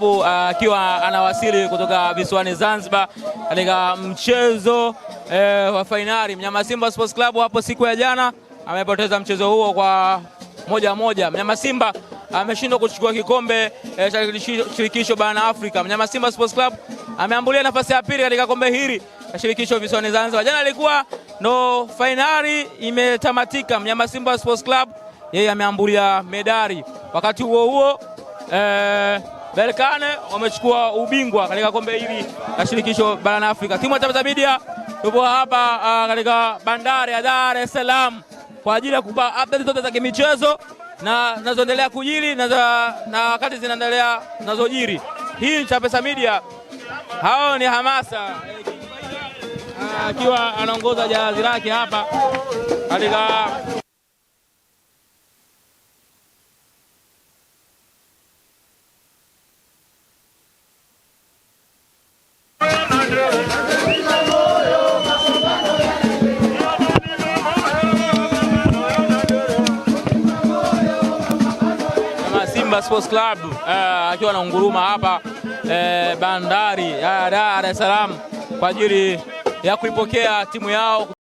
Uh, akiwa uh, anawasili kutoka visiwani Zanzibar katika mchezo eh, wa fainali. Mnyama Simba Sports Club hapo siku ya jana amepoteza mchezo huo kwa moja moja. Mnyama Simba ameshindwa kuchukua kikombe eh, cha shirikisho barani Afrika. Mnyama Simba Sports Club ameambulia nafasi ya pili katika kombe hili la shirikisho visiwani Zanzibar. Jana alikuwa ndo fainali imetamatika. Mnyama Simba Sports Club yeye ameambulia medali. Wakati huo huo eh, Berkane wamechukua ubingwa katika kombe hili la shirikisho barani Afrika. Timu ya Tabata Media tupo hapa ah, katika bandari ya Dar es Salaam kwa ajili ya kupa update zote za kimichezo na zinazoendelea kujiri na, za, na wakati zinaendelea zinazojiri. Hii ni Chapesa Media, hao ni Hamasa ah, akiwa anaongoza jahazi lake hapa katika Simba Sports Club eh, akiwa na unguruma hapa uh, bandari ya eh, Dar es Salaam kwa ajili ya kuipokea timu yao.